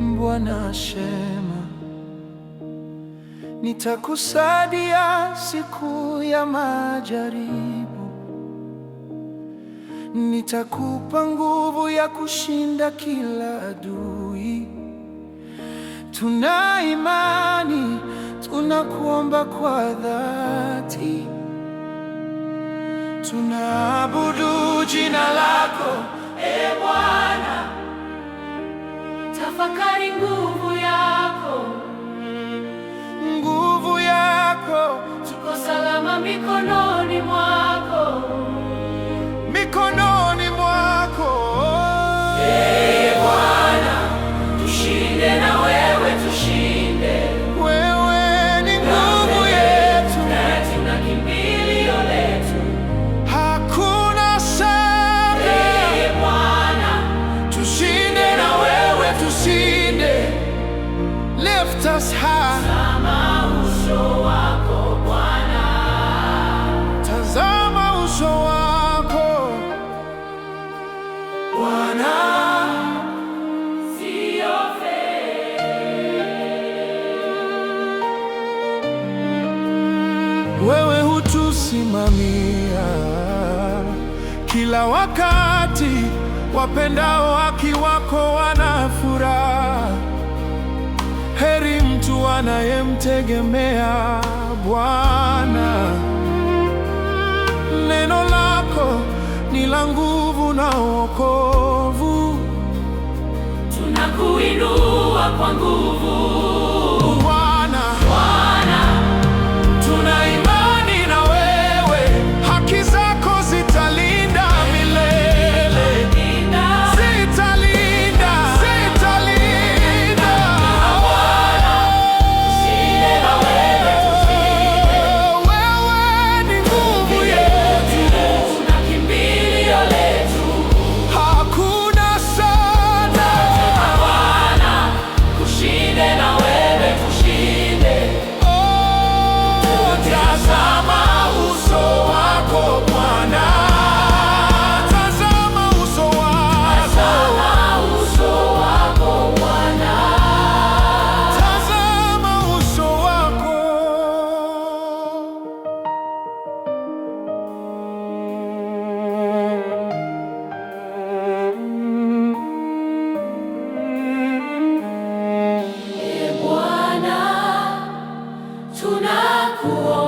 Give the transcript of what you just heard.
Bwana asema, nitakusaidia siku ya majaribu, nitakupa nguvu ya kushinda kila adui. Tuna imani, tunakuomba kwa dhati, tunaabudu jina lako, e Bwana. Ufa Carimbu Tazama uso wako Bwana, tazama uso wako Bwana, Wewe hutusimamia kila wakati, wapendao haki wako wanafurahi. Heri mtu anayemtegemea Bwana. Neno lako ni la nguvu na wokovu, tunakuinua kwa nguvu 我。